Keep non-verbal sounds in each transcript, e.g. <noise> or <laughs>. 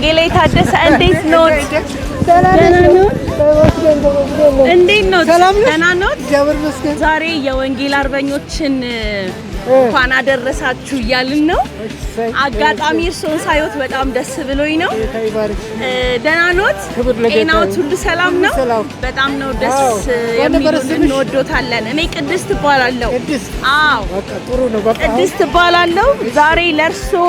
ወንጌላዊ ታደሰ እንዴት ኖት? እንዴት ኖት? ደህና ኖት? ዛሬ የወንጌል አርበኞችን እንኳን አደረሳችሁ እያልን ነው። አጋጣሚ እርስዎን ሳይወት በጣም ደስ ብሎኝ ነው። ደህና ኖት? ጤናዎት ሁሉ ሰላም ነው? በጣም ነው ደስ የሚሉን፣ እንወዶታለን። እኔ ቅድስት እባላለሁ። ቅድስት እባላለሁ። ዛሬ ለእርስዎ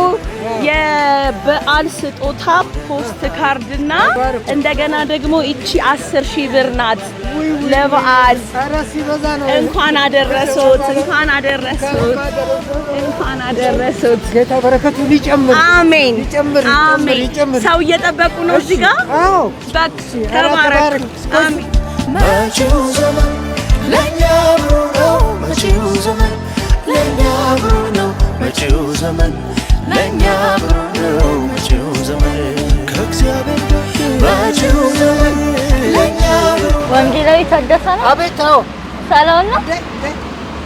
የበዓል ስጦታ ፖስት ካርድ እና እንደገና ደግሞ ይቺ አስር ሺህ ብር ናት። ለበዓል እንኳን አደረሰዎት፣ እንኳን አደረሰዎት፣ እንኳን አደረሰዎት። ጌታ በረከቱ ሊጨምር አሜን፣ አሜን። ሰው እየጠበቁ ነው እዚህ ጋር በቃ ተባረክ። አሜን። መጪው ብሩ ነው። መጪው መጪው ዘመን ለእኛ ብሩ ነው። ወንጌላዊ ታደሰ ነው። አቤት አዎ፣ ሰላም ነው።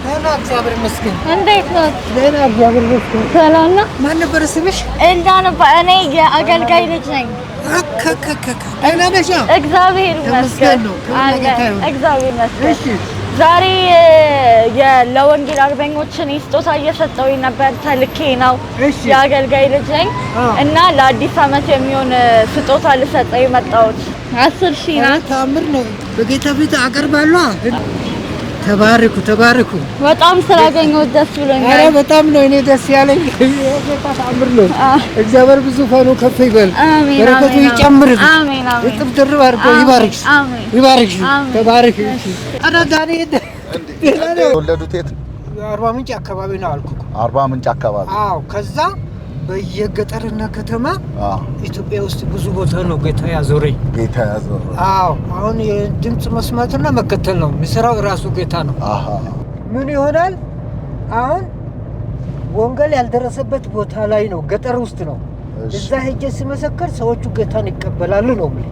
ደህና እግዚአብሔር ይመስገን። እንዴት ነው? ደህና እግዚአብሔር ይመስገን። ሰላም ነው። ማን ነበር ስምሽ? እንዳነባ እኔ የአገልጋይ ልጅ ነኝ። እግዚአብሔር ይመስገን። እግዚአብሔር ይመስገን። ዛሬ ለወንጌል አርበኞችን እኔ ስጦታ እየሰጠሁኝ ነበር። ተልኬ ነው የአገልጋይ ልጅ ነኝ እና ለአዲስ ዓመት የሚሆን ስጦታ ልሰጠው የመጣሁት አስር ሺህ ናት። ታምር ነው። በጌታ ፊት አቀርባለሁ። ተባረኩ ተባረኩ። በጣም ስላገኘሁት ደስ ብሎኛል። አረ በጣም ነው እኔ ደስ ያለኝ። ታምር ነው። እግዚአብሔር ብዙ ፋኑ ከፍ ይበል፣ በረከቱ ይጨምር፣ አሜን እጥፍ ድርብ አድርጎ ይባርክሽ፣ ይባርክ። ተባረክ። ኧረ ዳኔ የወለዱት የት ነው? አርባ ምንጭ አካባቢ ነው አልኩ። አርባ ምንጭ አካባቢ። አዎ ከዛ በየገጠርና ከተማ ኢትዮጵያ ውስጥ ብዙ ቦታ ነው ጌታ ያዞረኝ። ጌታ ያዞረኝ። አዎ፣ አሁን የድምፅ መስማትና መከተል ነው የሚሰራው ራሱ ጌታ ነው። ምን ይሆናል አሁን ወንጌል ያልደረሰበት ቦታ ላይ ነው፣ ገጠር ውስጥ ነው። እዛ ሄጄ ስመሰከር ሰዎቹ ጌታን ይቀበላሉ ነው ብ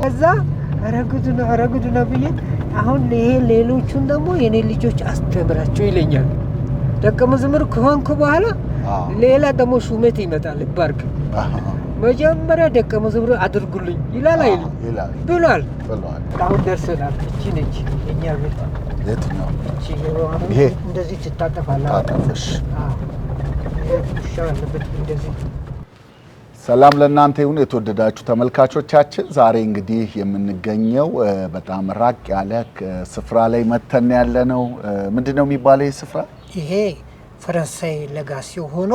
ከዛ አረግዱና አረግዱና ብዬ አሁን ይሄ ሌሎቹን ደግሞ የኔ ልጆች አስተምራቸው ይለኛል። ደቀ መዝሙር ከሆንኩ በኋላ ሌላ ደግሞ ሹመት ይመጣል። ባርክ መጀመሪያ ደቀ መዝሙር አድርጉልኝ ይላል አይል ብሏል። አሁን ደርሰናል። እቺ ነች እኛ ቤት የትኛው እንደዚህ ትታጠፋለሽ። ሰላም ለእናንተ ይሁን የተወደዳችሁ ተመልካቾቻችን። ዛሬ እንግዲህ የምንገኘው በጣም ራቅ ያለ ስፍራ ላይ መተን ያለ ነው። ምንድን ነው የሚባለው ይህ ስፍራ? ይሄ ፈረንሳይ ለጋሴ ሆኖ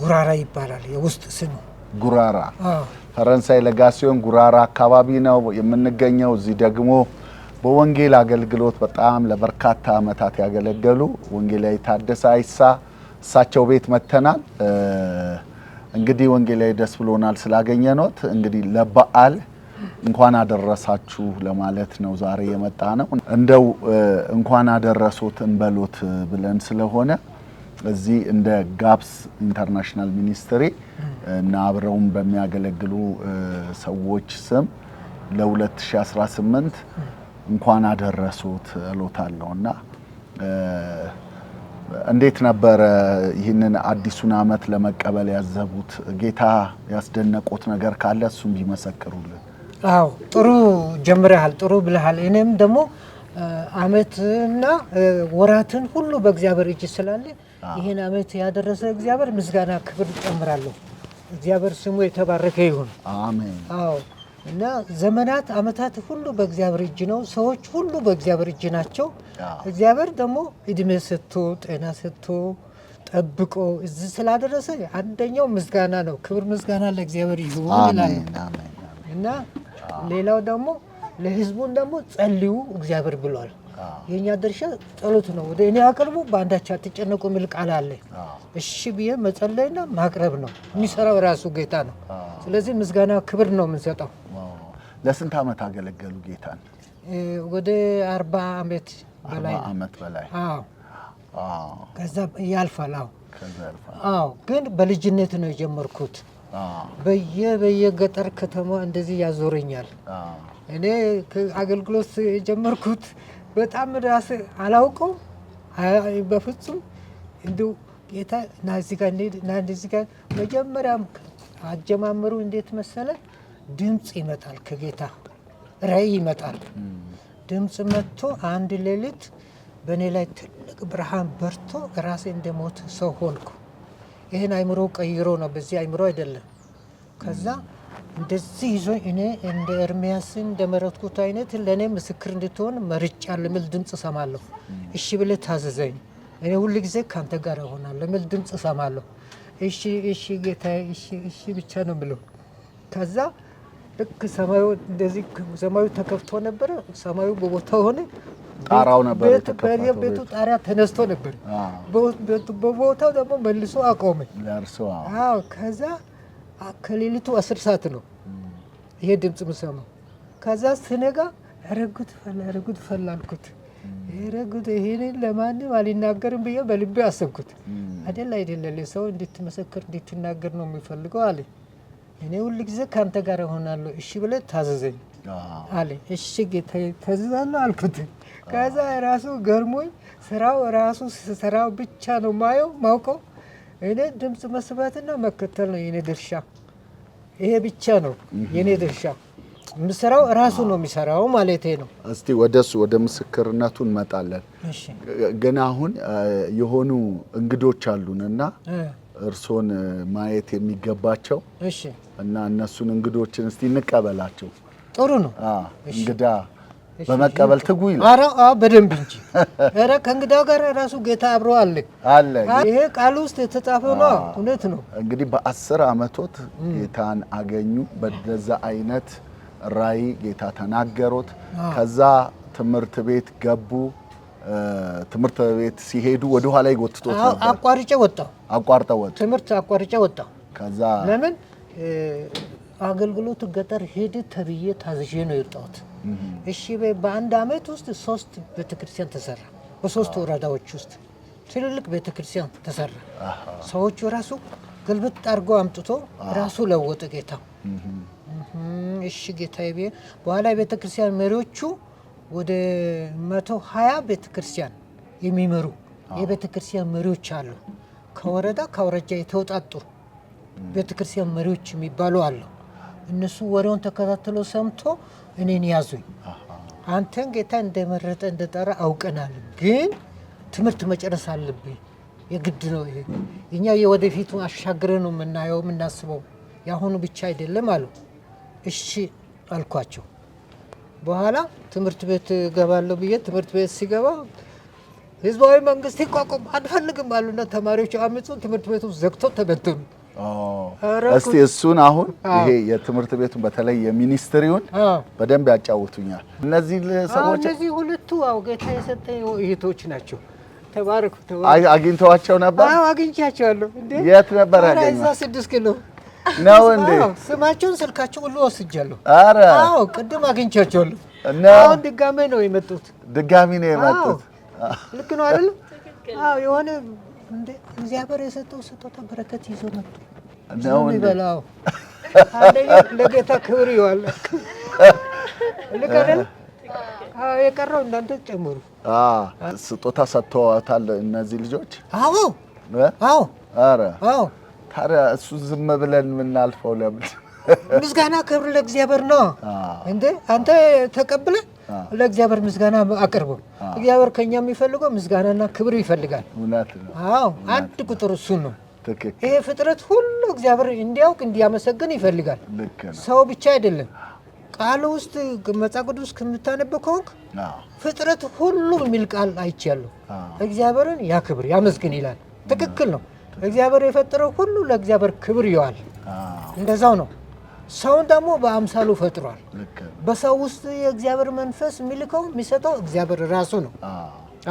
ጉራራ ይባላል። የውስጥ ስሙ ጉራራ ፈረንሳይ ለጋሲዮን ጉራራ አካባቢ ነው የምንገኘው። እዚህ ደግሞ በወንጌል አገልግሎት በጣም ለበርካታ ዓመታት ያገለገሉ ወንጌላዊ ታደሰ አይሳ እሳቸው ቤት መጥተናል። እንግዲህ ወንጌላዊ ደስ ብሎናል ስላገኘኖት እንግዲህ ለበዓል እንኳን አደረሳችሁ ለማለት ነው ዛሬ የመጣ ነው። እንደው እንኳን አደረሶት እንበሎት ብለን ስለሆነ እዚህ እንደ ጋፕስ ኢንተርናሽናል ሚኒስትሪ እና አብረውን በሚያገለግሉ ሰዎች ስም ለ2018 እንኳን አደረሶት እሎታለሁ እና እንዴት ነበረ ይህንን አዲሱን አመት ለመቀበል ያዘቡት? ጌታ ያስደነቆት ነገር ካለ እሱም ቢመሰክሩልን። አዎ ጥሩ ጀምረሃል፣ ጥሩ ብለሃል። እኔም ደግሞ አመትና ወራትን ሁሉ በእግዚአብሔር እጅ ስላለ ይህን አመት ያደረሰ እግዚአብሔር ምስጋና ክብር ጨምራለሁ። እግዚአብሔር ስሙ የተባረከ ይሁን። አዎ እና ዘመናት አመታት ሁሉ በእግዚአብሔር እጅ ነው። ሰዎች ሁሉ በእግዚአብሔር እጅ ናቸው። እግዚአብሔር ደግሞ እድሜ ሰጥቶ ጤና ሰጥቶ ጠብቆ እዚህ ስላደረሰ አንደኛው ምስጋና ነው። ክብር ምስጋና ለእግዚአብሔር ይሁን እና ሌላው ደግሞ ለህዝቡን ደግሞ ጸልዩ እግዚአብሔር ብሏል። የእኛ ድርሻ ጸሎት ነው። ወደ እኔ አቅርቡ በአንዳች አትጨነቁ የሚል ቃል አለ። እሺ ብዬ መጸለይና ማቅረብ ነው። የሚሰራው ራሱ ጌታ ነው። ስለዚህ ምስጋና ክብር ነው የምንሰጠው። ለስንት ዓመት አገለገሉ ጌታን? ወደ አርባ ዓመት በላይ ዓመት በላይ ከዛ ያልፋል። አዎ ግን በልጅነት ነው የጀመርኩት በየበየገጠር ከተማ እንደዚህ ያዞረኛል። እኔ አገልግሎት የጀመርኩት በጣም ራስ አላውቀው በፍጹም እንዲሁ ጌታ ና እዚህ ጋር መጀመሪያም አጀማመሩ እንዴት መሰለ፣ ድምፅ ይመጣል ከጌታ ራእይ ይመጣል። ድምፅ መጥቶ አንድ ሌሊት በእኔ ላይ ትልቅ ብርሃን በርቶ ራሴ እንደሞት ሰው ሆንኩ። ይህን አይምሮ ቀይሮ ነው። በዚህ አይምሮ አይደለም። ከዛ እንደዚህ ይዞ እኔ እንደ ኤርሚያስን መረትኩት አይነት ለእኔ ምስክር እንድትሆን መርጫ ልምል ድምፅ እሰማለሁ። እሺ ብለ ታዘዘኝ፣ እኔ ሁል ጊዜ ከአንተ ጋር ይሆናል ልምል ድምፅ እሰማለሁ። እሺ እሺ ጌታ እሺ እሺ ብቻ ነው ምለው። ከዛ ልክ ሰማዩ እንደዚህ ሰማዩ ተከፍቶ ነበረ። ሰማዩ በቦታ ሆነ። ጣራው ነበር ቤቱ ጣሪያ ተነስቶ ነበር። በቦታው ደግሞ መልሶ አቆመ። ከዛ ከሌሊቱ አስር ሰዓት ነው ይሄ ድምፅ የምሰማው። ከዛ ስነጋ ረጉት ፈላ ረጉት ፈላ አልኩት። ረጉት ይሄንን ለማንም አልናገርም ብዬ በልቤ አሰብኩት። አይደል አይደለ ሰው እንድትመሰክር እንድትናገር ነው የሚፈልገው አለ። እኔ ሁልጊዜ ከአንተ ጋር እሆናለሁ እሺ ብለህ ታዘዘኝ አለ። እሺ ታዘዛለሁ አልኩት። ከዛ ራሱ ገርሞኝ ስራው ራሱ ስራው ብቻ ነው ማየው ማውቀው። እኔ ድምፅ መስባትና መከተል ነው የኔ ድርሻ። ይሄ ብቻ ነው የኔ ድርሻ። ስራው ራሱ ነው የሚሰራው ማለት ነው። እስቲ ወደሱ ወደ ምስክርነቱ እንመጣለን። ግን አሁን የሆኑ እንግዶች አሉን እና እርሶን ማየት የሚገባቸው እና እነሱን እንግዶችን እስቲ እንቀበላቸው። ጥሩ ነው እንግዳ በመቀበል ትጉ ይላል። ኧረ በደንብ እንጂ <laughs> ኧረ ከእንግዳ ጋር ራሱ ጌታ አብሮ አለ አለ። ይሄ ቃል ውስጥ የተጻፈ ነው፣ እውነት ነው። እንግዲህ በአስር አመቶት ጌታን አገኙ። በደዛ አይነት ራእይ ጌታ ተናገሮት። ከዛ ትምህርት ቤት ገቡ። ትምህርት ቤት ሲሄዱ ወደ ኋላ ይጎትቶት ነበር። አቋርጬ ወጣሁ፣ አቋርጠ ወጣ። ትምህርት አቋርጬ ወጣሁ። ከዛ ለምን አገልግሎት ገጠር ሄድ ተብዬ ታዝዤ ነው የወጣሁት። እሺ በአንድ አመት ውስጥ ሶስት ቤተክርስቲያን ተሰራ። በሶስት ወረዳዎች ውስጥ ትልልቅ ቤተክርስቲያን ተሰራ። ሰዎቹ ራሱ ግልብጥ አድርጎ አምጥቶ ራሱ ለወጠ ጌታ። እሺ ጌታ በኋላ የቤተክርስቲያን መሪዎቹ ወደ መቶ ሀያ ቤተክርስቲያን የሚመሩ የቤተክርስቲያን መሪዎች አሉ። ከወረዳ ከወረጃ የተወጣጡ ቤተክርስቲያን መሪዎች የሚባሉ አሉ። እነሱ ወሬውን ተከታትሎ ሰምቶ እኔን ያዙኝ። አንተን ጌታ እንደመረጠ እንደጠራ አውቀናል፣ ግን ትምህርት መጨረስ አለብ የግድ ነው። ይሄ እኛ የወደፊቱ አሻግረ ነው የምናየው የምናስበው፣ የአሁኑ ብቻ አይደለም አሉ። እሺ አልኳቸው። በኋላ ትምህርት ቤት እገባለሁ ብዬ ትምህርት ቤት ሲገባ ህዝባዊ መንግስት ይቋቋም አንፈልግም አሉና ተማሪዎች አመፁ። ትምህርት ቤቱ ዘግተው ተበተኑ። እስቲ እሱን አሁን ይሄ የትምህርት ቤቱን በተለይ የሚኒስትሪውን በደንብ ያጫውቱኛል። እነዚህ ሰዎች እነዚህ ሁለቱ አው ጌታ የሰጠኝ እህቶች ናቸው። ተባረኩ። አግኝተዋቸው ነበር? አዎ አግኝቻቸዋለሁ። እንዴ የት ነበር ያገኘ? ስድስት ኪሎ ነው እንዴ? ስማቸውን ስልካቸው ሁሉ ወስጃለሁ። አረ አዎ ቅድም አግኝቻቸዋለሁ። እና አሁን ድጋሜ ነው የመጡት። ድጋሚ ነው የመጡት። ልክ ነው አይደለም? አዎ የሆነ እግዚአብሔር የሰጠው ስጦታ በረከት ይዞ መጡ። ይበላው ለጌታ ክብር ይዋል። ልቀደም የቀረው እናንተ ጨምሩ። ስጦታ ሰጥተዋታል እነዚህ ልጆች? አዎ አዎ። ኧረ አዎ። ታዲያ እሱ ዝም ብለን የምናልፈው ለምን? ምስጋና ክብር ለእግዚአብሔር ነው እንዴ! አንተ ተቀብለን ለእግዚአብሔር ምስጋና አቅርቡ። እግዚአብሔር ከኛ የሚፈልገው ምስጋናና ክብር ይፈልጋል። እውነት ነው። አዎ አንድ ቁጥር እሱ ነው። ይሄ ፍጥረት ሁሉ እግዚአብሔር እንዲያውቅ እንዲያመሰግን ይፈልጋል። ሰው ብቻ አይደለም። ቃል ውስጥ መጽሐፍ ቅዱስ ከምታነብ ከሆንክ ፍጥረት ሁሉ የሚል ቃል አይቻለሁ። እግዚአብሔርን ያክብር ያመስግን ይላል። ትክክል ነው። እግዚአብሔር የፈጠረው ሁሉ ለእግዚአብሔር ክብር ይዋል። እንደዛው ነው። ሰውን ደግሞ በአምሳሉ ፈጥሯል። በሰው ውስጥ የእግዚአብሔር መንፈስ የሚልከው የሚሰጠው እግዚአብሔር ራሱ ነው።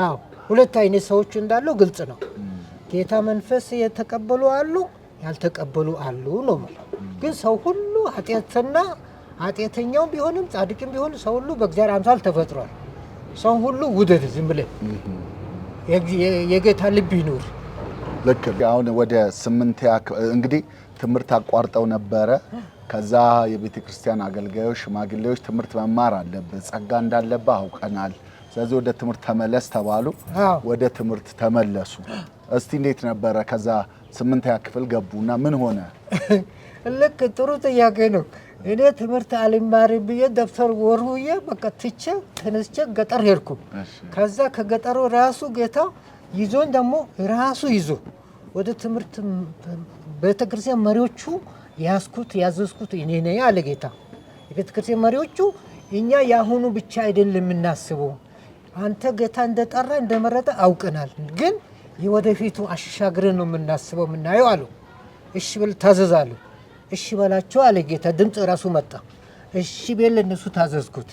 አዎ ሁለት አይነት ሰዎች እንዳለው ግልጽ ነው። ጌታ መንፈስ የተቀበሉ አሉ፣ ያልተቀበሉ አሉ ነው። ግን ሰው ሁሉ ኃጢአትና ኃጢአተኛው ቢሆንም ጻድቅም ቢሆን ሰው ሁሉ በእግዚአብሔር አምሳል ተፈጥሯል። ሰው ሁሉ ውደድ፣ ዝም ብለህ የጌታ ልብ ይኑር። ልክ አሁን ወደ ስምንት እንግዲህ ትምህርት አቋርጠው ነበረ። ከዛ የቤተ ክርስቲያን አገልጋዮች፣ ሽማግሌዎች ትምህርት መማር አለብህ፣ ጸጋ እንዳለብህ አውቀናል፣ ስለዚህ ወደ ትምህርት ተመለስ ተባሉ። ወደ ትምህርት ተመለሱ። እስቲ እንዴት ነበረ? ከዛ ስምንተኛ ክፍል ገቡና ምን ሆነ? <laughs> ልክ ጥሩ ጥያቄ ነው። እኔ ትምህርት አልማርም ብዬ ደብተር ወርውዬ በቃ ትቼ ተነስቼ ገጠር ሄድኩ። ከዛ ከገጠሩ ራሱ ጌታ ይዞን ደግሞ ራሱ ይዞ ወደ ትምህርት ቤተክርስቲያን መሪዎቹ ያስኩት ያዘዝኩት እኔ ነኝ አለ ጌታ። የቤተክርስቲያን መሪዎቹ እኛ የአሁኑ ብቻ አይደለም የምናስበው አንተ ጌታ እንደጠራ እንደመረጠ አውቀናል ግን የወደፊቱ አሻግረን ነው የምናስበው የምናየው አሉ። እሺ ብል ታዘዛሉ። እሺ በላቸው አለ ጌታ። ድምፅ ራሱ መጣ። እሺ ቤል እነሱ ታዘዝኩት።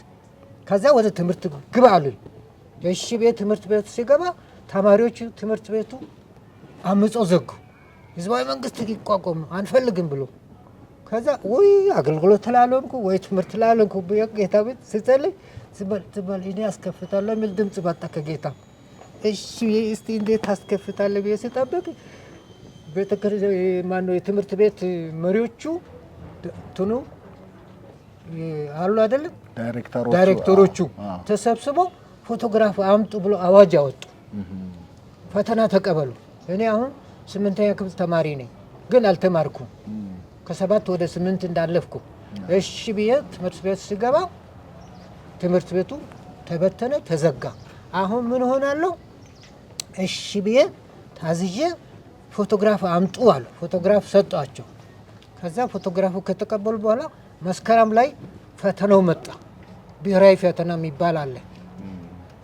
ከዛ ወደ ትምህርት ግባ አሉኝ። እሺ ቤት ትምህርት ቤቱ ሲገባ ተማሪዎቹ ትምህርት ቤቱ አምጾ ዘጉ። ህዝባዊ መንግስት ይቋቋም አንፈልግም ብሎ ከዛ ወይ አገልግሎት ትላለንኩ ወይ ትምህርት ትላለንኩ ጌታ ቤት ስጸልይ ዝበል ዝበል እኔ ያስከፍታለሁ የሚል ድምፅ መጣ ከጌታ እሺ እስቲ እንዴት ታስከፍታለህ ብዬ ስጠብቅ ማነው የትምህርት ቤት መሪዎቹ ትኑ አሉ አይደለም፣ ዳይሬክተሮቹ ተሰብስበው ፎቶግራፍ አምጡ ብሎ አዋጅ አወጡ። ፈተና ተቀበሉ። እኔ አሁን ስምንተኛ ክፍል ተማሪ ነኝ፣ ግን አልተማርኩም። ከሰባት ወደ ስምንት እንዳለፍኩ እሺ ብዬ ትምህርት ቤት ስገባ ትምህርት ቤቱ ተበተነ፣ ተዘጋ። አሁን ምን ሆናለሁ? እሺ ብዬ ታዝዤ ፎቶግራፍ አምጡ አሉ። ፎቶግራፍ ሰጧቸው። ከዛ ፎቶግራፉ ከተቀበሉ በኋላ መስከረም ላይ ፈተናው መጣ። ብሔራዊ ፈተና የሚባል አለ።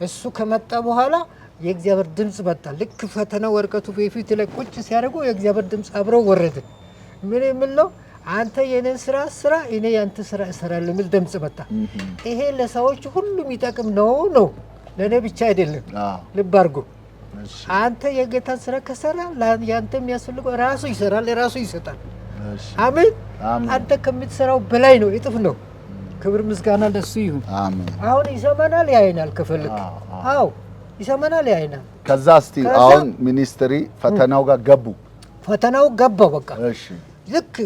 እሱ ከመጣ በኋላ የእግዚአብሔር ድምፅ መጣ። ልክ ፈተናው ወረቀቱ በፊት ላይ ቁጭ ሲያደርጉ የእግዚአብሔር ድምፅ አብረው ወረደ። ምን ነው? አንተ የኔን ስራ ስራ፣ እኔ ያንተ ስራ እሰራለሁ የሚል ድምፅ መጣ። ይሄ ለሰዎች ሁሉ የሚጠቅም ነው ነው ለእኔ ብቻ አይደለም። ልብ አድርጎ አንተ የጌታ ስራ ከሰራ ያንተ የሚያስፈልገው ራሱ ይሰራል፣ ራሱ ይሰጣል። አሜን። አንተ ከምትሰራው በላይ ነው፣ እጥፍ ነው። ክብር ምስጋና ለሱ ይሁን። አሜን። አሁን ይሰማናል፣ ያይናል። ከፈልክ አዎ ይሰማናል፣ ያይናል። ከዛ እስቲ አሁን ሚኒስትሪ ፈተናው ጋር ገቡ። ፈተናው ገባ። በቃ እሺ፣ ልክ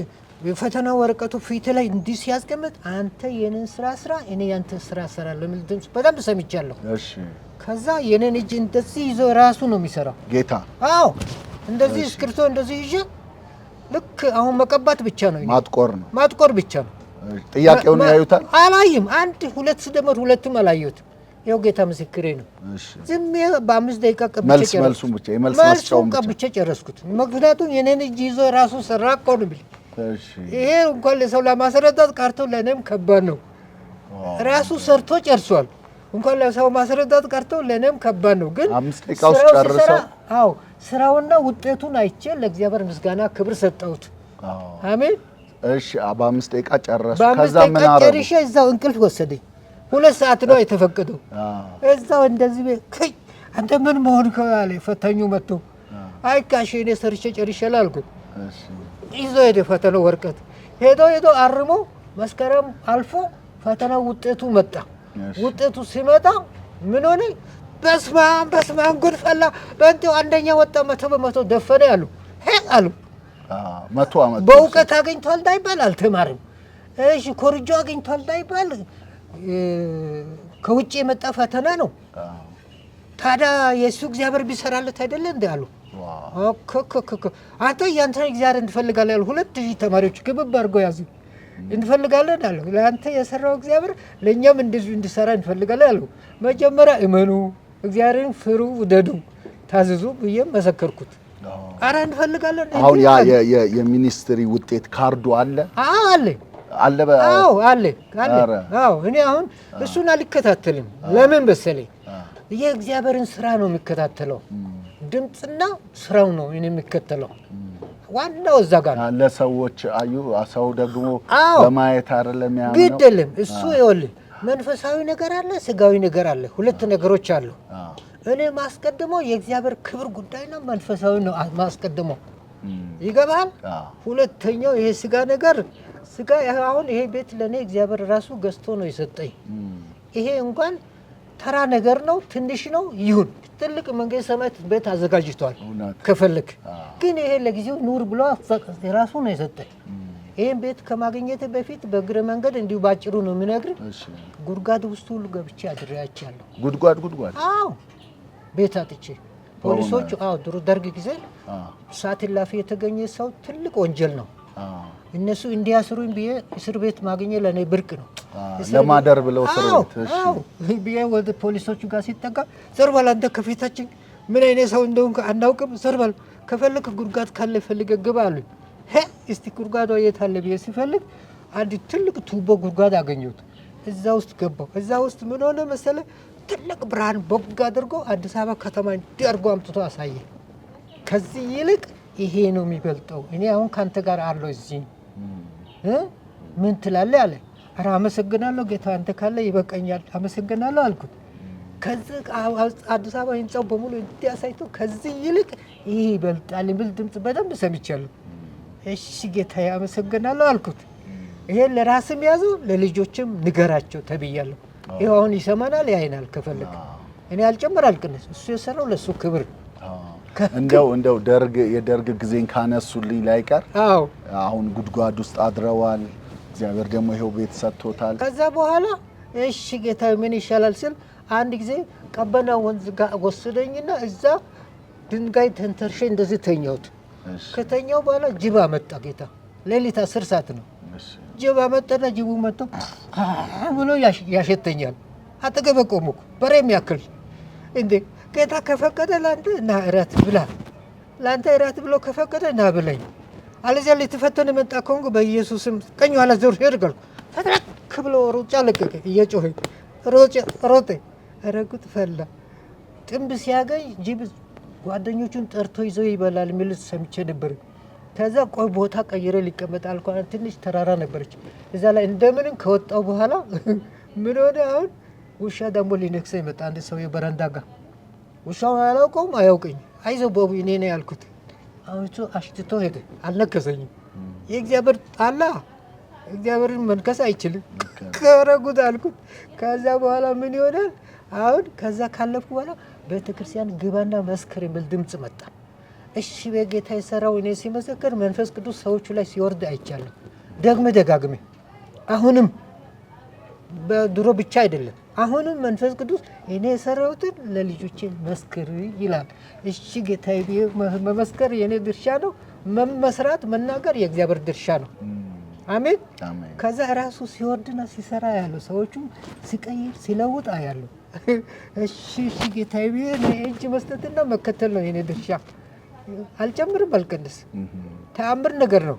የፈተና ወረቀቱ ፊት ላይ እንዲህ ሲያስቀምጥ አንተ የኔን ስራ ስራ፣ እኔ ያንተ ስራ ስራ ለምን ድምፅ በጣም ሰምቻለሁ። እሺ ከዛ የኔን እጅ እንደዚህ ይዞ ራሱ ነው የሚሰራው። ጌታ አዎ፣ እንደዚህ እስክርቶ እንደዚህ ይዤ ልክ አሁን መቀባት ብቻ ነው ማጥቆር ነው ማጥቆር ብቻ ነው። ጥያቄውን ያዩታል። አላይም አንድ ሁለት ስደመር ሁለቱም አላየሁትም። ያው ጌታ ምስክሬ ነው። ዝም በአምስት ደቂቃ ቀብቼ መልሱን ብቻ መልሱን ቀብቼ ጨረስኩት። ምክንያቱም የኔን እጅ ይዞ ራሱ ስራ ቆን ብል ይሄ እንኳን ለሰው ለማስረዳት ቀርቶ ለእኔም ከባድ ነው። ራሱ ሰርቶ ጨርሷል። እንኳን ለሰው ማስረዳት ቀርቶ ለእኔም ከባድ ነው። ግን አዎ ስራውና ውጤቱን አይቼ ለእግዚአብሔር ምስጋና ክብር ሰጠሁት። አሜን። እሺ በአምስት ደቂቃ ጨረሱ። ከዛ ምን አረጉ? ጨርሼ እዛው እንቅልፍ ወሰደኝ። ሁለት ሰዓት ነው የተፈቀደው። እዛው እንደዚህ ክይ አንተ ምን መሆን ከአለ ፈታኙ መጥቶ አይካሽ እኔ ሰርቼ ጨርሻለሁ ላልኩ ይዞ ሄደ ፈተናው ወረቀት ሄዶ ሄዶ አርሞ መስከረም አልፎ ፈተናው ውጤቱ መጣ። ውጤቱ ሲመጣ ምን ሆነ? በስማም በስማም ጉድ ፈላ። በእንቴው አንደኛ ወጣ፣ መቶ በመቶ ደፈነ ያሉ አሉ። መቶ አመት በእውቀት አገኝቷል እንዳይባል አልተማርም። እሺ ኮርጆ አገኝቷል እንዳይባል ከውጭ የመጣ ፈተና ነው። ታዲያ የእሱ እግዚአብሔር ቢሰራለት አይደለ እንዲ አሉ። አንተ እያንተ እግዚአብሔር እንትፈልጋለ ያሉ ሁለት ተማሪዎች ግብብ አድርገው ያዙ። እንፈልጋለን አለ። ለአንተ የሰራው እግዚአብሔር ለእኛም እንደዚሁ እንዲሰራ እንፈልጋለን አለ። መጀመሪያ እመኑ፣ እግዚአብሔርን ፍሩ፣ ውደዱ፣ ታዝዙ ብዬ መሰከርኩት። አረ እንፈልጋለን። አሁን ያ የሚኒስትሪ ውጤት ካርዱ አለ አለ አለ አለ አለ። አዎ እኔ አሁን እሱን አልከታተልም። ለምን በሰለኝ የእግዚአብሔርን ስራ ነው የሚከታተለው። ድምፅና ስራው ነው እኔ የሚከተለው። ዋናው እዛ ጋር ነው። ለሰዎች አዩ ሰው ደግሞ በማየት አይደለም ያ ግድ እሱ። ይኸውልህ መንፈሳዊ ነገር አለ፣ ስጋዊ ነገር አለ። ሁለት ነገሮች አሉ። እኔ ማስቀድመው የእግዚአብሔር ክብር ጉዳይ ነው፣ መንፈሳዊ ነው ማስቀድመው። ይገባል። ሁለተኛው ይሄ ስጋ ነገር ስጋ አሁን ይሄ ቤት ለእኔ እግዚአብሔር ራሱ ገዝቶ ነው የሰጠኝ። ይሄ እንኳን ተራ ነገር ነው፣ ትንሽ ነው፣ ይሁን ትልቅ መንግስት ሰማያት ቤት አዘጋጅቷል። ከፈልክ ግን ይሄ ለጊዜው ኑር ብሎ ራሱ ነው የሰጠ። ይህን ቤት ከማግኘት በፊት በእግረ መንገድ እንዲሁ ባጭሩ ነው የሚነግር። ጉድጓድ ውስጥ ሁሉ ገብቼ አድሬያቸዋለሁ። ጉድጓድ ጉድጓድ። አዎ ቤት አጥቼ ፖሊሶቹ። አዎ ድሮ ደርግ ጊዜ ሳት ላፊ የተገኘ ሰው ትልቅ ወንጀል ነው። እነሱ እንዲያስሩኝ ብዬ እስር ቤት ማግኘ ለእኔ ብርቅ ነው። ለማደር ብለው እስር ቤት ብዬ ወደ ፖሊሶቹ ጋር ሲጠጋ ዞር በል አንተ፣ ከፊታችን ምን አይነት ሰው እንደሆን አናውቅም፣ ዞር በል ከፈለክ ጉድጓድ ካለ ፈልገ ግባ አሉኝ። እስቲ ጉድጓዷ የት አለ ብዬ ሲፈልግ አንድ ትልቅ ቱቦ ጉድጓድ አገኘሁት። እዛ ውስጥ ገባሁ። እዛ ውስጥ ምን ሆነ መሰለ ትልቅ ብርሃን ቦግ አድርጎ አዲስ አበባ ከተማ እንዲያርጎ አምጥቶ አሳየ። ከዚህ ይልቅ ይሄ ነው የሚበልጠው። እኔ አሁን ከአንተ ጋር አለው እዚህ ምን ትላለህ አለ። ኧረ አመሰግናለሁ ጌታ፣ አንተ ካለ ይበቃኛል፣ አመሰግናለሁ አልኩት። ከዚህ አዲስ አበባ ህንፃው በሙሉ እንዲያሳይቶ ከዚህ ይልቅ ይህ ይበልጣል የሚል ድምፅ በደንብ ሰምቻለሁ። እሺ ጌታ አመሰግናለሁ አልኩት። ይሄን ለራስም ያዘው ለልጆችም ንገራቸው ተብያለሁ። ይህ አሁን ይሰማናል፣ ያይናል። ከፈለግ እኔ አልጨምር አልቅነስ፣ እሱ የሰራው ለእሱ ክብር። እንደው እንደው ደርግ የደርግ ጊዜን ካነሱልኝ ላይቀር አዎ አሁን ጉድጓድ ውስጥ አድረዋል። እግዚአብሔር ደግሞ ይሄው ቤት ሰጥቶታል። ከዛ በኋላ እሺ ጌታ ምን ይሻላል ስል አንድ ጊዜ ቀበና ወንዝ ጋር ወሰደኝና እዛ ድንጋይ ተንተርሼ እንደዚህ ተኛሁት። ከተኛው በኋላ ጅብ አመጣ ጌታ። ሌሊት አስር ሰዓት ነው። ጅብ አመጣና ጅቡ መጥቶ ብሎ ያሸተኛል። አጠገበ ቆሙኩ በሬ የሚያክል እንዴ ጌታ ከፈቀደ ለአንተ ና እራት ብላ ለአንተ እራት ብሎ ከፈቀደ ና ብለኝ አለዚያ ልትፈተን የመጣ ከሆንኩ በኢየሱስም ቀኝ ኋላ ዞር ሄድ አልኩ። ፈትረክ ብሎ ሩጫ ለቀቀ። እየጮኸ ሮጠ። ረጉጥ ፈላ። ጥንብ ሲያገኝ ጅብ ጓደኞቹን ጠርቶ ይዞ ይበላል የሚል ሰምቼ ነበር። ከዛ ቆይ ቦታ ቀይረ ሊቀመጥ አልኳ። ትንሽ ተራራ ነበረች። እዛ ላይ እንደምንም ከወጣው በኋላ <laughs> ምን ሆነ? አሁን ውሻ ደግሞ ሊነክሰ ይመጣ። አንድ ሰው በረንዳ ጋር ውሻውን አላውቀውም፣ አያውቀኝ። አይዞ ቦቢ እኔ ነው ያልኩት። አውርቶ አሽትቶ ሄደ። አልነከሰኝም። የእግዚአብሔር ጣላ እግዚአብሔርን መንከስ አይችልም። ከረጉት አልኩት። ከዛ በኋላ ምን ይሆናል? አሁን ከዛ ካለፍኩ በኋላ ቤተክርስቲያን ግባና መስክር የሚል ድምፅ መጣ። እሺ በጌታ የሰራው እኔ ሲመሰክር መንፈስ ቅዱስ ሰዎቹ ላይ ሲወርድ አይቻለሁ። ደግሜ ደጋግሜ አሁንም በድሮ ብቻ አይደለም አሁንም መንፈስ ቅዱስ እኔ የሰራሁትን ለልጆቼ መስክር ይላል። እሺ ጌታዬ፣ መመስከር የእኔ ድርሻ ነው። መመስራት መናገር የእግዚአብሔር ድርሻ ነው። አሜን። ከዛ ራሱ ሲወድና ሲሰራ ያለው ሰዎቹ ሲቀይር ሲለውጥ ያለው <laughs> እሺ እሺ ጌታዬ፣ እጅ መስጠትና መከተል ነው የኔ ድርሻ። አልጨምርም፣ አልቀንስ። ተአምር ነገር ነው።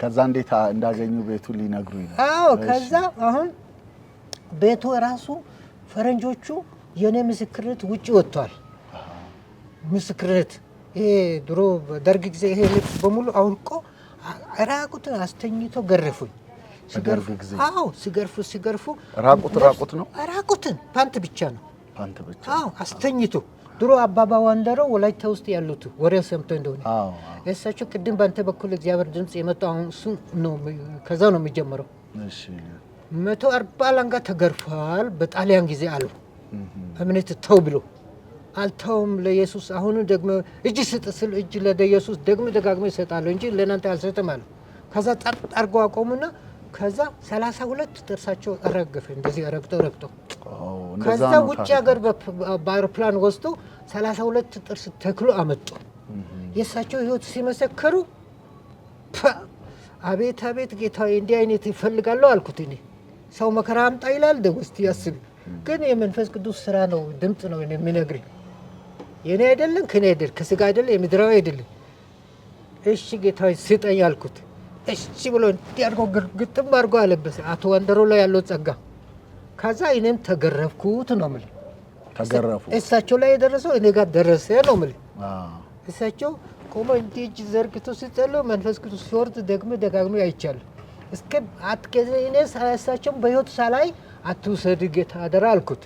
ከዛ እንዴት እንዳገኙ ቤቱ ሊነግሩ ይላል። አዎ ከዛ አሁን ቤቱ ራሱ ፈረንጆቹ የኔ ምስክርነት ውጭ ወጥቷል። ምስክርነት ይሄ ድሮ ደርግ ጊዜ ይሄ ልብስ በሙሉ አውልቆ ራቁትን አስተኝቶ ገረፉኝ። አዎ ሲገርፉ ሲገርፉ ራቁት ራቁት ነው ራቁትን ፓንት ብቻ ነው ፓንት ብቻ አዎ አስተኝቶ ድሮ አባባ ዋንደሮ ወላይታ ውስጥ ያሉት ወሬ ሰምቶ እንደሆነ እሳቸው ቅድም በአንተ በኩል እግዚአብሔር ድምፅ የመጣው አሁን እሱ ነው። ከዛ ነው የሚጀምረው። መቶ አርባ ላንጋ ተገርፏል በጣሊያን ጊዜ አሉ። እምነት ተው ብሎ አልተውም ለኢየሱስ። አሁን ደግሞ እጅ ስጥ ስል እጅ ለኢየሱስ ደግሞ ደጋግሞ ይሰጣለሁ እንጂ ለእናንተ አልሰጥም አለ። ከዛ ጠጥ አርጎ አቆሙና ከዛ ሰላሳ ሁለት ጥርሳቸው ረገፈ። እንደዚህ ረግጦ ረግጦ ከዛ ውጭ ሀገር በአይሮፕላን ወስዶ ሰላሳ ሁለት ጥርስ ተክሎ አመጡ። የእሳቸው ህይወት ሲመሰከሩ አቤት አቤት ጌታዬ እንዲህ አይነት ይፈልጋለሁ አልኩት እኔ ሰው መከራ አምጣ ይላል ደውስቲ ያስብ ግን የመንፈስ ቅዱስ ስራ ነው፣ ድምፅ ነው የሚነግር የኔ አይደለም ከኔ አይደለም ከስጋ አይደለም የምድራዊ አይደለም። እሺ ጌታ ስጠኝ አልኩት። እሺ ብሎ እንዲ አድርጎ ግጥም አድርጎ አለበሰ። አቶ ወንደሮ ላይ ያለው ጸጋ። ከዛ እኔም ተገረፍኩት ነው ምል ተገረፉ። እሳቸው ላይ የደረሰው እኔ ጋር ደረሰ ነው ምል እሳቸው ቆሞ እንዲህ እጅ ዘርግቶ ሲጸልዩ መንፈስ ቅዱስ ሲወርድ ደግሞ ደጋግሜ አይቻለሁ። እስከ እኔ ሳያሳቸውም በህይወት ሳላይ አትውሰድ ጌታ አደራ አልኩት።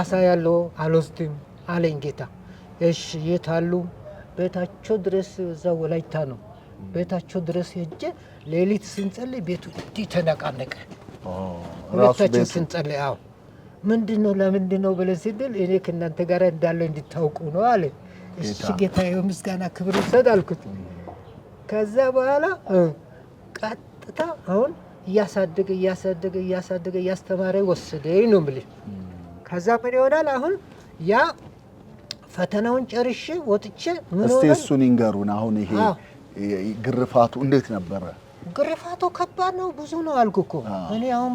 አሳ ያለው አልወስድም አለኝ ጌታ። እሺ የት አሉ? ቤታቸው ድረስ እዛ ወላይታ ነው ቤታቸው ድረስ ሄጄ ሌሊት ስንጸልይ ቤቱ እንዲህ ተነቃነቀ። ሁለታችን ስንጸልይ አዎ፣ ምንድን ነው ለምንድን ነው ብለን ሲድል እኔ ከእናንተ ጋር እንዳለው እንዲታውቁ ነው አለ። እሺ ጌታ የምስጋና ክብር ይውሰድ አልኩት። ከዛ በኋላ ቀጥ ቀጥታ አሁን እያሳደገ እያሳደገ እያሳደገ እያስተማረ ወሰደኝ ነው የምልሽ። ከዛ ምን ይሆናል አሁን ያ ፈተናውን ጨርሼ ወጥቼ ምን እስቲ እሱን ይንገሩን። አሁን ይሄ ግርፋቱ እንዴት ነበረ? ግርፋቱ ከባድ ነው፣ ብዙ ነው አልኩ እኮ እኔ አሁን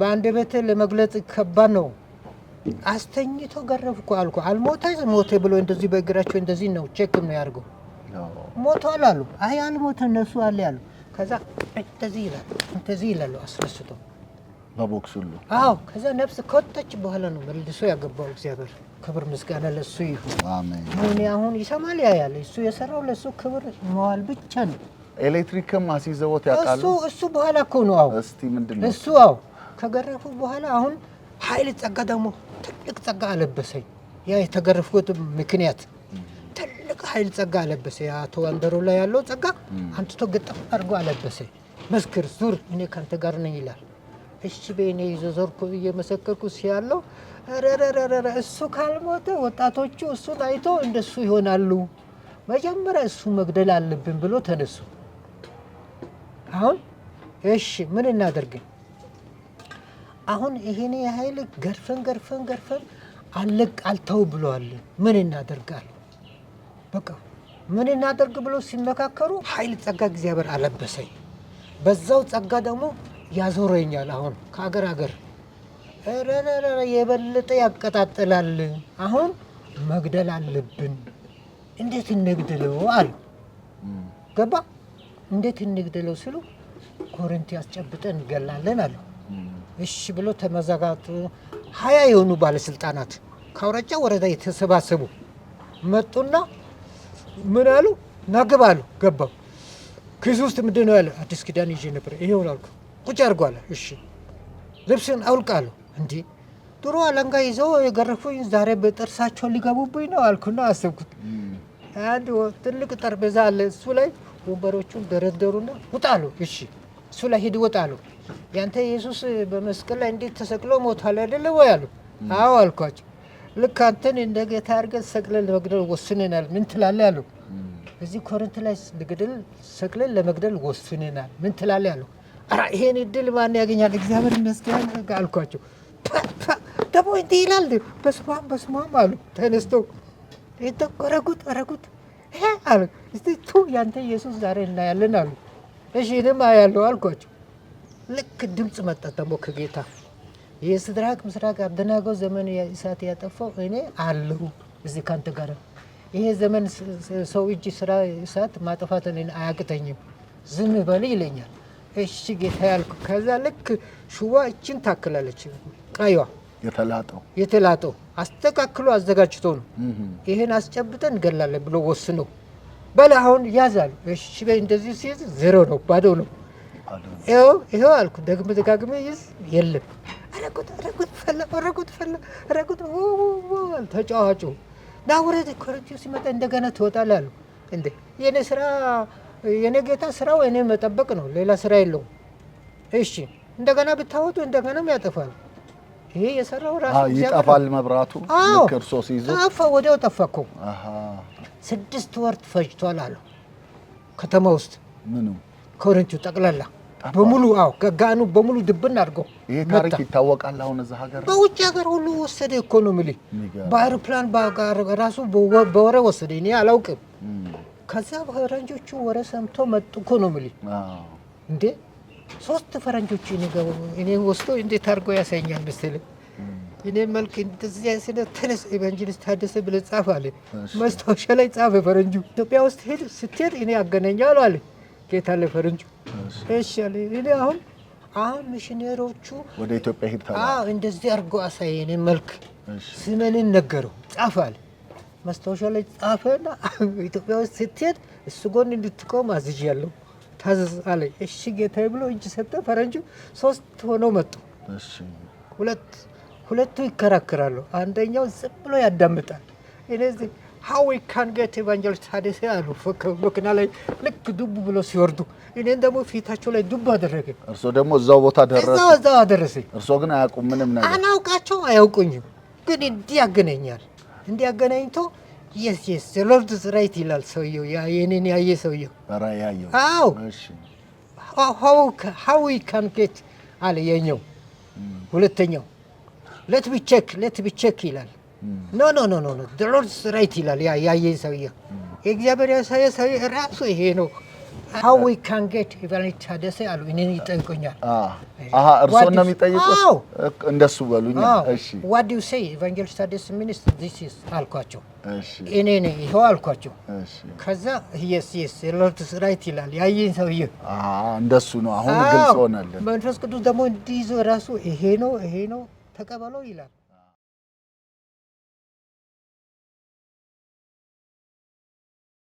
በአንድ ቤት ለመግለጽ ከባድ ነው። አስተኝቶ ገረፍኩ አልኩ። አልሞተ ሞተ ብሎ እንደዚህ በእግራቸው እንደዚህ ነው ቼክም ነው ያደርገው። ሞቷል አሉ። አይ አልሞተ እነሱ አለ ያሉ ከዛ እንደዚህ ይላል እንደዚህ ይላሉ አስነስቶ በቦክስ ሁሉ አዎ። ከዛ ነፍስ ከወጣች በኋላ ነው መልሶ ያገባው። እግዚአብሔር ክብር ምስጋና ለሱ ይሁን፣ አሜን። እኔ አሁን ይሰማል፣ ያያል። እሱ የሰራው ለሱ ክብር መዋል ብቻ ነው። ኤሌክትሪክም አስይዘውት ያውቃሉ። እሱ እሱ በኋላ እኮ ነው። አዎ እስቲ ምንድን ነው እሱ? አዎ ከገረፉ በኋላ አሁን ኃይል ጸጋ ደግሞ ትልቅ ጸጋ አለበሰኝ። ያ የተገረፍኩት ምክንያት ኃይል ጸጋ አለበሰ። አቶ ወንበሩ ላይ ያለው ጸጋ አንትቶ ገጠም አድርጎ አለበሰ። መስክር፣ ዙር፣ እኔ ከአንተ ጋር ነኝ ይላል። እሺ በእኔ ይዞ ዞርኩ እየመሰከርኩ ሲያለው ረረረረረ እሱ ካልሞተ ወጣቶቹ እሱን አይቶ እንደሱ ይሆናሉ። መጀመሪያ እሱ መግደል አለብን ብሎ ተነሱ። አሁን እሺ ምን እናደርግን? አሁን ይሄን ያህል ገርፈን ገርፈን ገርፈን አለቅ አልተው ብለዋል። ምን እናደርጋል? በቃ ምን እናደርግ ብሎ ሲመካከሩ ኃይል ጸጋ እግዚአብሔር አለበሰኝ። በዛው ጸጋ ደግሞ ያዞረኛል። አሁን ከአገር አገር ረረረረ የበለጠ ያቀጣጥላል። አሁን መግደል አለብን። እንዴት እንግደለው አሉ። ገባ እንዴት እንግደለው ስሉ ኮረንቲ አስጨብጠን እንገላለን አሉ። እሺ ብሎ ተመዘጋቱ። ሀያ የሆኑ ባለስልጣናት ከአውራጃ ወረዳ የተሰባሰቡ መጡና ምን አሉ ናግብ አሉ። ገባሁ ኪሱ ውስጥ ምንድን ነው ያለ? አዲስ ኪዳን ይዤ ነበር ይሄውን አልኩ። ቁጭ አድርጓለ። እሺ ልብስን አሉ። እንዲ ጥሩ አለንጋ ይዘው የገረፉኝ ዛሬ በጥርሳቸውን ሊገቡብኝ ነው አልኩና አሰብኩት። አንድ ትልቅ ጠረጴዛ አለ። እሱ ላይ ወንበሮቹን ደረደሩና ውጣ አሉ። እሺ እሱ ላይ ሂድ አሉ። ያንተ ኢየሱስ በመስቀል ላይ እንዴት ተሰቅሎ ሞታል አይደለ ወይ አሉ። አዎ አልኳቸው። ልክ አንተን እንደ ጌታ አድርገን ሰቅለን ለመግደል ወስነናል፣ ምን ትላለህ አሉ። እዚህ ኮሪንት ላይ ልግደል ሰቅለን ለመግደል ወስነናል፣ ምን ትላለህ አሉ። ኧረ ይሄን እድል ማን ያገኛል? እግዚአብሔር ይመስገን አልኳቸው። ደግሞ እንዲህ ይላል፣ በስማም በስማም አሉ። ተነስተው ረጉት ረጉት አሉ። እስቲ ቱ ያንተ ኢየሱስ ዛሬ እናያለን አሉ። እሺ እኔም አያለሁ አልኳቸው። ልክ ድምፅ መጣ ደግሞ ከጌታ የስድራቅ ምስራቅ አብደናጎ ዘመን እሳት ያጠፋው እኔ አለሁ እዚህ ካንተ ጋር። ይሄ ዘመን ሰው እጅ ስራ እሳት ማጥፋት አያቅተኝም፣ ዝም በል ይለኛል። እሺ ጌታ ያልኩ። ከዛ ልክ ሽዋ እችን ታክላለች። ቀይዋ የተላጠው የተላጠው አስተካክሎ አዘጋጅቶ ነው ይሄን አስጨብጠን እንገላለን ብሎ ወስነው በል አሁን ያዛል። እሺ በይ እንደዚህ ሲይዝ ዜሮ ነው፣ ባዶ ነው። ይኸው አልኩ። ደግመ ደጋግሜ ይዝ የለም ረጉጥ ረጉጥ ፈለ ረጉጥ ፈለ ረጉጥ ረጉት ተጫዋጩ ዳውረድ ኮረጂው ሲመጣ እንደገና ትወጣለህ አሉ። እንዴ የኔ ስራ የኔ ጌታ ስራው እኔ መጠበቅ ነው፣ ሌላ ስራ የለውም። እሺ እንደገና ብታወጡ እንደገናም ያጠፋል። ይሄ የሰራው ራሱ ይጠፋል። መብራቱ ክርስቶ ሲይዙ ጠፋ፣ ወዲያው ጠፋ እኮ ስድስት ወር ፈጅቷል አሉ ከተማ ውስጥ ምኑ ኮረንቲው ጠቅላላ በሙሉ አዎ፣ ጋኑ በሙሉ ድብን አድርገው። ይሄ ታሪክ ይታወቃል። አሁን እዛ ሀገር በውጭ ሀገር ሁሉ ወሰደ እኮ ነው የምልህ። በአይሮፕላን ራሱ በወሬ ወሰደ። እኔ አላውቅም። ከዛ ፈረንጆቹ ወረ ሰምቶ መጡ እኮ ነው የምልህ። እንዴ ሶስት ፈረንጆቹ እኔ ወስዶ እንዴት አድርገው ያሳኛል መሰለህ። እኔ መልክ እንደዚያ ስለ ተነስ ኤቫንጀሊስት ታደሰ ብለህ ጻፍ አለ። ማስታወሻ ላይ ጻፈ ፈረንጁ። ኢትዮጵያ ውስጥ ሄድ ስትሄድ እኔ አገናኛለሁ አለ የት አለ ፈረንጁ? እኔ አሁን አሁን ሚሽነሮቹ ወደ ኢትዮጵያ ሄድ ታላ እንደዚህ አድርጎ አሳየን መልክ ስመንን ነገረው ጻፍ አለ ማስታወሻ ላይ ጻፈና ኢትዮጵያ ውስጥ ስትሄድ እሱ ጎን እንድትቆም አዝዣለሁ ታዘዝ አለ። እሺ ጌታዬ ብሎ እጅ ሰጠ። ፈረንጁ ሶስት ሆነው መጡ። ሁለቱ ይከራከራሉ። አንደኛው ዝም ብሎ ያዳምጣል። እኔ ሀው ካን ጌት ኤቫንጀሊስት ሀዲሴ አሉ። መኪና ላይ ልክ ዱብ ብሎ ሲወርዱ እኔን ደግሞ ፊታቸው ላይ ዱብ አደረገ። እርሶ ደግሞ እዛው ቦታ ደረሰ፣ እዛው አደረሰኝ። እርሶ ግን አያውቁም ምንም ነገር አናውቃቸው፣ አያውቁኝም። ግን እንዲህ ያገናኛል፣ እንዲህ ያገናኝቶ የስ የስ ሎርድ ራይት ይላል ሰውየው፣ የኔን ያየ ሰውየው። አዎ ሀዊ ካን ጌት አለ የኛው። ሁለተኛው ለት ብቸክ ለት ብቸክ ይላል ኖ ኖ ኖ ኖ ኖ ዘ ሎርድስ ራይት ይላል ያየኝ ሰውዬ። የእግዚአብሔር ያሳየ ሰውዬ ራሱ ይሄ ነው። ሀው ዊ ካን ጌት ኢቫኒት ታደሰ አሉ። እኔን ይጠይቁኛል። አሃ እርሶ ነው የሚጠይቁት? እንደሱ በሉኝ። እሺ ዋት ዱ ዩ ሴይ ኢቫንጀሊስት ታደሰ ሚኒስትር ዚስ ኢዝ አልኳቸው። እሺ እኔ ነኝ ይሄው አልኳቸው። እሺ ከዛ የስ የስ ሎርድስ ራይት ይላል ያየኝ ሰውዬ። አሃ እንደሱ ነው። አሁን ግልጽ ሆነልን። መንፈስ ቅዱስ ደግሞ እንዲይዞ ራሱ ይሄ ነው ይሄ ነው ተቀበለው ይላል።